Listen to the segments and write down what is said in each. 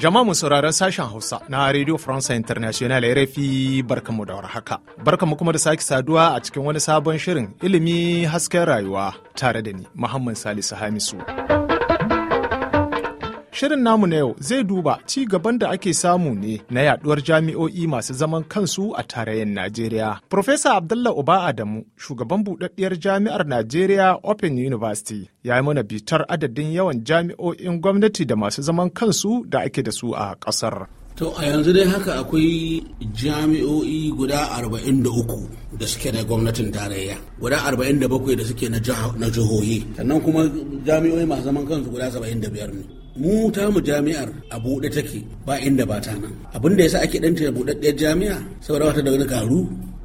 Jama'a mu sauraron sashen Hausa na Radio France International RFI barkanmu da warhaka. mu kuma da sake saduwa a cikin wani sabon shirin ilimi hasken rayuwa tare da ni Muhammad Salisu Hamisu. Shirin namu na yau zai duba ci gaban da ake samu ne na yaduwar jami'o'i masu zaman kansu a tarayyar Najeriya. Profesa Abdullah Uba Adamu, shugaban buɗaɗɗiyar jami'ar Najeriya Open University, ya yi mana bitar adadin yawan jami'o'in gwamnati da masu zaman kansu da ake da su a ƙasar. To a yanzu dai haka akwai jami'o'i guda 43 da suke na gwamnatin tarayya, guda 47 da suke na jihohi, sannan kuma jami'o'i masu zaman kansu guda 75 ne. mu ta mu jami'ar a buɗe take ba inda ba ta nan abin da sa ake ɗanta da buɗaɗɗiyar jami'a saboda wata da wani karu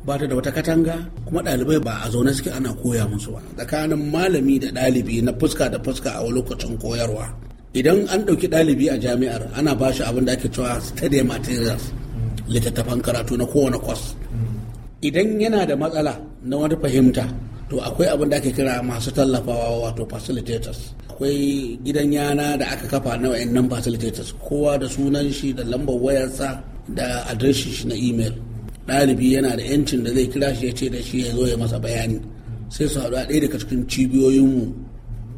ba ta da wata katanga kuma ɗalibai ba a zaune suke ana koya musu ba tsakanin malami da ɗalibi na fuska da fuska a lokacin koyarwa idan an ɗauki ɗalibi a jami'ar ana ba shi abin da ake cewa study materials littattafan karatu na kowane kwas mm. idan yana da matsala na wata fahimta to akwai abin da ake kira masu tallafawa wato facilitators akwai gidan yana da aka kafa na wayannan facilitators kowa da sunan shi da lambar wayarsa da adireshin shi na email ɗalibi yana da yancin da zai kira shi ya ce da shi ya zo ya masa bayani sai su haɗu a ɗaya daga cikin cibiyoyinmu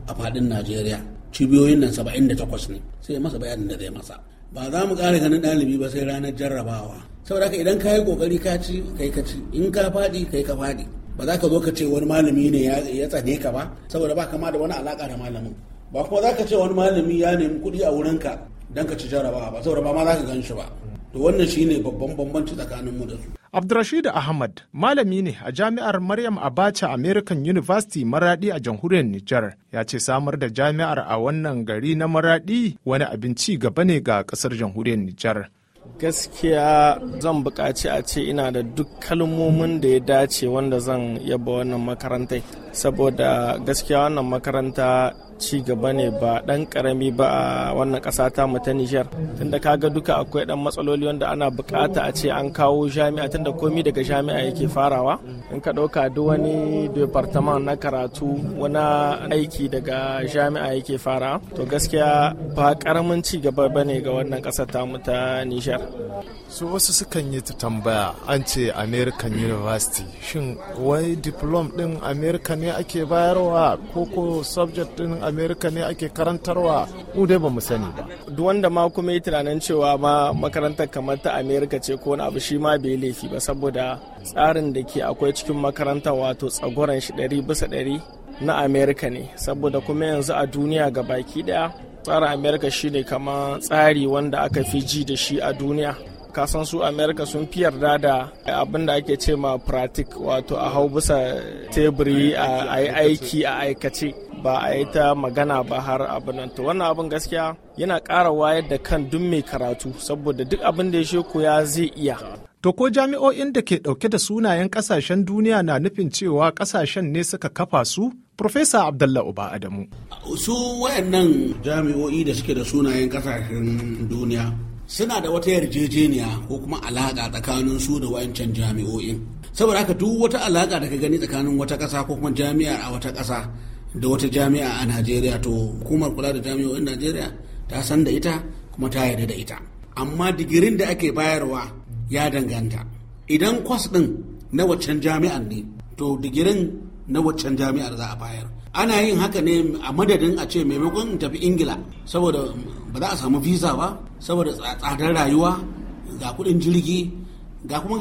a faɗin najeriya cibiyoyin nan saba'in da takwas ne sai ya masa bayanin da zai masa ba za mu ƙara ganin ɗalibi ba sai ranar jarrabawa saboda haka idan ka yi ƙoƙari ka ci kai ka ci in ka faɗi kai ka faɗi ba za ka zo ka ce wani malami ne ya tsane ka ba saboda ba kama da wani alaka da malamin ba kuma za ka ce wani malami ya nemi kuɗi a wurinka don ka ci jarabawa ba saboda ba ma za ka gan shi ba to wannan shine babban bambanci tsakanin mu da su Abdurrashid Ahmad malami ne a jami'ar Maryam Abacha American University Maradi a jamhuriyar Nijar ya ce samar da jami'ar a wannan gari na Maradi wani abinci ci gaba ne ga kasar jamhuriyar Nijar gaskiya zan buƙaci a ce ina da duk kalmomin da ya dace wanda zan yaba wannan makarantai saboda gaskiya wannan makaranta ci gaba ne ba ɗan ƙarami ba a wannan ƙasa ta ta Nijar tunda kaga duka akwai ɗan matsaloli wanda ana buƙata a ce an kawo jami'a tunda komi daga jami'a yake farawa in ka ɗauka duk wani departament na karatu wani aiki daga jami'a yake farawa. to gaskiya ba ƙaramin ci gaba bane ga wannan ƙasa ta ta Nijar su wasu sukan yi ta tambaya an ce american university shin wai diplom din america ne ake bayarwa ko ko subject din america ne ake karantarwa mu dai ba mu sani ba duk wanda ma kuma yi tunanin cewa ma makarantar kamar ta america ce ko wani abu shi ma bai laifi ba saboda tsarin da ke akwai cikin makaranta wato tsagoran shi ɗari bisa ɗari na america ne saboda kuma yanzu a duniya ga baki ɗaya tsarin amerika shine kama tsari wanda aka fi ji da shi a duniya kasan su Amerika sun fi yarda da abin da ake ce ma pratik wato a hau bisa teburi a yi aiki a aikace ba a yi ta magana ba har abin to wannan abin gaskiya yana ƙara wayar da kan duk mai karatu saboda duk abin da ya sheko ya zai iya To ko jami'o'in da ke ɗauke da sunayen ƙasashen duniya na nufin cewa ƙasashen ne suka kafa su? Profesa Abdullah Uba Adamu. Su wayannan jami'o'i da suke da sunayen ƙasashen duniya suna da wata yarjejeniya ko kuma alaƙa tsakanin su da wayancan jami'o'in. Saboda haka duk wata alaƙa da ka gani tsakanin wata ƙasa ko kuma jami'a a wata ƙasa da wata jami'a a Najeriya to hukumar kula da jami'o'in Najeriya ta san da ita kuma ta yarda da ita. Amma digirin da ake bayarwa ya danganta idan kwas ɗin na waccan jami'ar ne to digirin na waccan jami'ar za a bayar ana yin haka ne a madadin a ce maimakon in tafi ingila saboda ba za a samu visa ba saboda tsadar rayuwa ga kudin jirgi ga kuma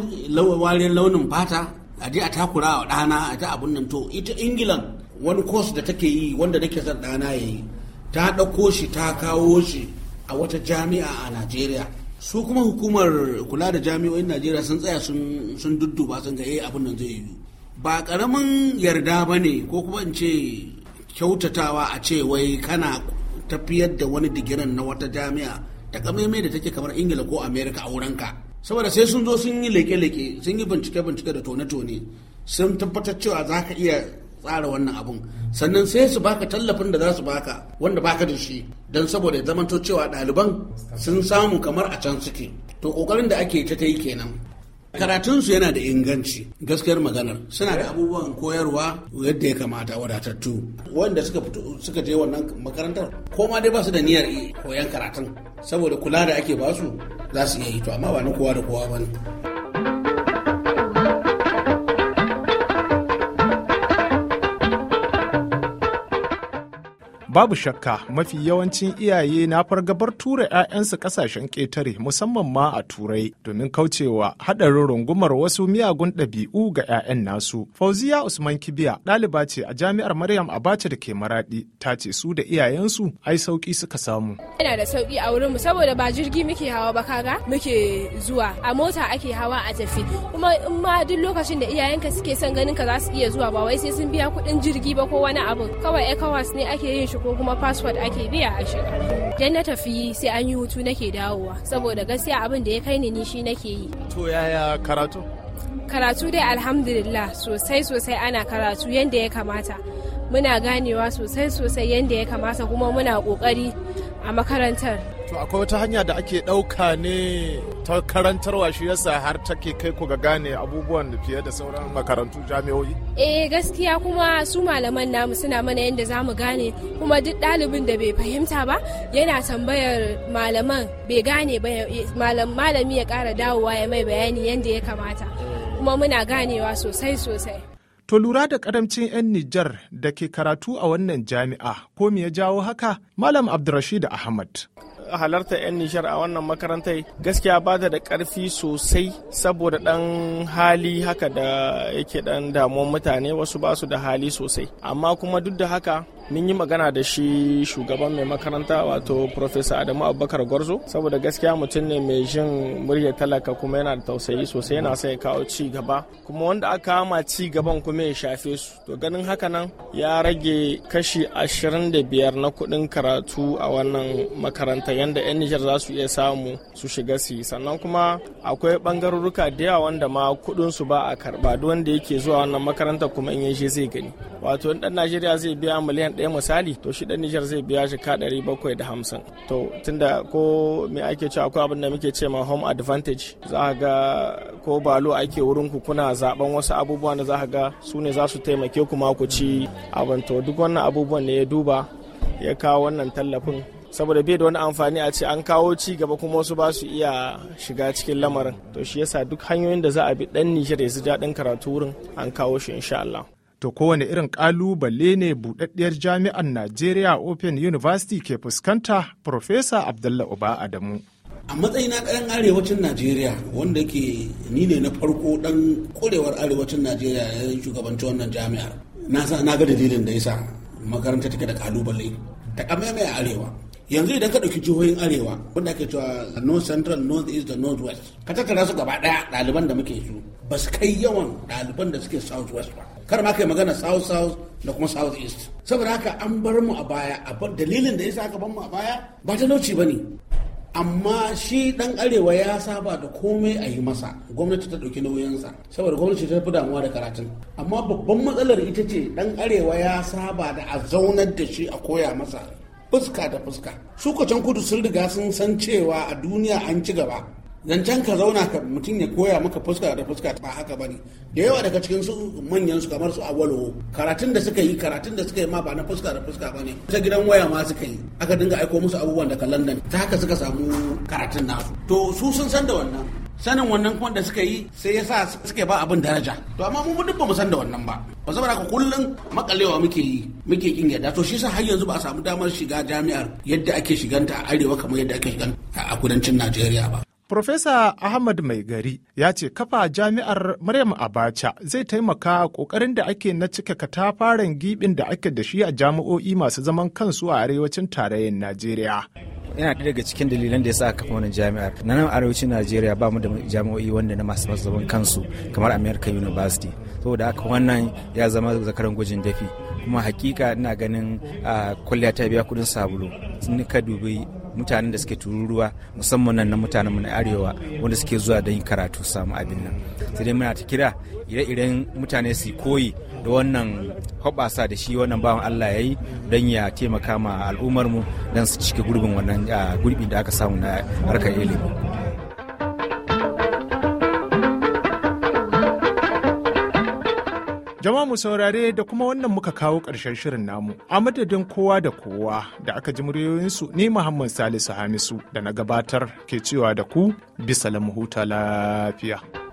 wariyar launin fata a je a takura wa ɗana a ta abun nan to ita ingilan wani kwas da take yi wanda nake zan ɗana ya yi ta ɗauko shi ta kawo shi a wata jami'a a najeriya su kuma hukumar kula da jami'o'in najeriya sun tsaya sun dudduba sun ga eh abin nan zai yi ba karamin yarda ba ne ko kuma in ce kyautatawa a ce wai kana tafiyar da wani digirin na wata jami'a ta kamaimai da take kamar ingila ko america a wurinka saboda sai sun zo sun yi leke-leke sun yi bincike-bincike da tone-tone sun tabbatar cewa za ka iya tsara wannan abun sannan sai su baka tallafin da za su baka wanda baka da shi don saboda zamanto cewa ɗaliban sun samu kamar a can suke to ƙoƙarin da ake ta ta yi kenan karatunsu yana da inganci gaskiyar maganar suna da abubuwan koyarwa yadda ya kamata wadatattu wanda suka fito suka je wannan makarantar ko ma dai ba su da niyyar koyan karatun saboda kula da ake basu za su iya yi to amma ba na kowa da kowa ba ne Babu shakka mafi yawancin iyaye na fargabar tura 'ya'yansu kasashen ƙetare musamman ma a turai domin kaucewa haɗarin rungumar wasu miyagun ɗabi'u ga 'ya'yan nasu. Fauziya Usman Kibiya ɗaliba ce a jami'ar Maryam Abacha da ke Maraɗi ta ce su da iyayensu ai sauƙi suka samu. Yana da sauƙi a wurin mu saboda ba jirgi muke hawa ba kaga muke zuwa a mota ake hawa a tafi kuma in ma duk lokacin da iyayenka suke son ganin ka za su iya zuwa ba wai sai sun biya kuɗin jirgi ba ko wani abu kawai ECOWAS ne ake yin shi ko kuma password ake biya a shiga idan na tafi sai an yi hutu nake dawowa saboda gaskiya abin da ya kai ni ni shi nake yi to yaya karatu karatu dai alhamdulillah sosai sosai ana karatu yadda ya kamata muna ganewa sosai sosai yadda ya kamata kuma muna ƙoƙari a makarantar to akwai wata hanya da ake ɗauka ne ta karantar shi yasa har take kai ku ga gane abubuwan fiye da sauran makarantu jami'o'i eh gaskiya kuma su malaman namu suna mana yadda za mu gane kuma duk ɗalibin da bai fahimta ba yana tambayar malaman bai gane ba malami ya kara dawowa ya mai bayani yadda ya kamata kuma muna ganewa sosai sosai To lura da karamcin 'yan Nijar da ke karatu a wannan jami'a ko me ya jawo haka? Malam Abdurrashid Ahmad. halarta 'yan nishar a wannan makarantar gaskiya ba da karfi sosai saboda dan hali haka da yake dan damuwar mutane wasu ba su da hali sosai amma kuma duk da haka mun yi magana da shi shugaban mai makaranta wato profesa adamu abubakar gwarzo saboda gaskiya mutum ne mai jin murya talaka kuma yana da tausayi sosai yana sai kawo ci gaba kuma wanda aka kama ci gaban kuma ya shafe su to ganin haka nan ya rage kashi 25 na kuɗin karatu a wannan makaranta yanda 'yan nijar za su iya samu su shiga su sannan kuma akwai bangarurruka da yawa wanda ma kuɗin su ba a karba duk wanda yake zuwa wannan makaranta kuma in ya je zai gani wato in dan najeriya zai biya miliyan ɗaya misali to shi ɗan Nijar zai biya shi ka ɗari bakwai da hamsin. To tunda ko me ake cewa akwai abin da muke ce ma home advantage za ga ko balo ake wurin ku kuna zaben wasu abubuwan da za ga su ne za su taimake ku ma ku ci abin to duk wannan abubuwan ne ya duba ya kawo wannan tallafin saboda bai da wani amfani a ce an kawo ci gaba kuma wasu ba su iya shiga cikin lamarin to shi yasa duk hanyoyin da za a bi dan Nijar ya ji daɗin karatu wurin an kawo shi insha Allah To kowane irin kalubale ne buɗaɗɗiyar jami'ar Najeriya Open University ke fuskanta Profesa abdulla Uba Adamu. a matsayin na kayan arewacin najeriya wanda ke ni ne na farko ɗan kurewar arewacin najeriya ya shugabanci wannan jami'ar na sa na ga dalilin da yasa makaranta take da kalubale ta kamame a arewa yanzu idan ka ɗauki jihohin arewa wanda ake cewa north central north east da north west ka tattara su gaba ɗaya ɗaliban da muke su ba su kai yawan ɗaliban da suke south west ba kar ma kai magana south south da kuma south east saboda haka an bar mu a baya dalilin da yasa aka bar mu a baya ba ta nauci ba ne amma shi dan arewa ya saba da komai a yi masa gwamnati ta ɗauki nauyinsa saboda gwamnati ta fi damuwa da karatun amma babban matsalar ita ce dan arewa ya saba da a zaunar da shi a koya masa fuska da fuska su kudu sun riga sun san cewa a duniya an ci gaba zancen ka zauna ka mutum ya koya maka fuska da fuska ba haka ba ne da yawa daga cikin su manyan su kamar su awalo karatun da suka yi karatun da suka yi ma ba na fuska da fuska ba ne ta gidan waya ma suka yi aka dinga aiko musu abubuwan daga london ta haka suka samu karatun nasu to su sun san da wannan sanin wannan kuma da suka yi sai ya sa suke ba abin daraja to amma mu duk mu san da wannan ba ba saboda haka kullum makalewa muke yi muke kin yadda to shi sa har yanzu ba a samu damar shiga jami'ar yadda ake shiganta a arewa kamar yadda ake shiganta a kudancin Najeriya ba Profesa Ahmad Mai Gari ya ce kafa jami'ar Maryam Abacha zai taimaka ƙoƙarin da ake na cika katafaren gibin da ake da shi a jami'o'i masu zaman kansu a arewacin tarayyar Najeriya. yana ɗaya daga cikin dalilan da ya sa kafa wannan jami'ar na nan arewacin najeriya ba mu da jami'o'i wanda na masu zaman kansu kamar american university saboda haka wannan ya zama zakaran gwajin dafi kuma hakika ina ganin ah, kwalliya ta biya kudin sabulu sun ka dubi mutanen da suke tururuwa musamman nan na mutanen mu na arewa wanda suke zuwa don karatu samu abin nan sai dai muna ta kira ire-iren mutane su koyi da wannan hoɓasa da shi wannan bawan Allah ya yi don ya taimaka ma al'ummar mu don su cike gurbin wannan ah, gurbin da aka samu na harkar ilimi Jama'a mu saurare da kuma wannan muka kawo ƙarshen shirin namu. A madadin kowa da kowa da aka ji muryoyinsu ni Muhammad Salisu Hamisu da na gabatar ke cewa da ku bisa lamu huta lafiya.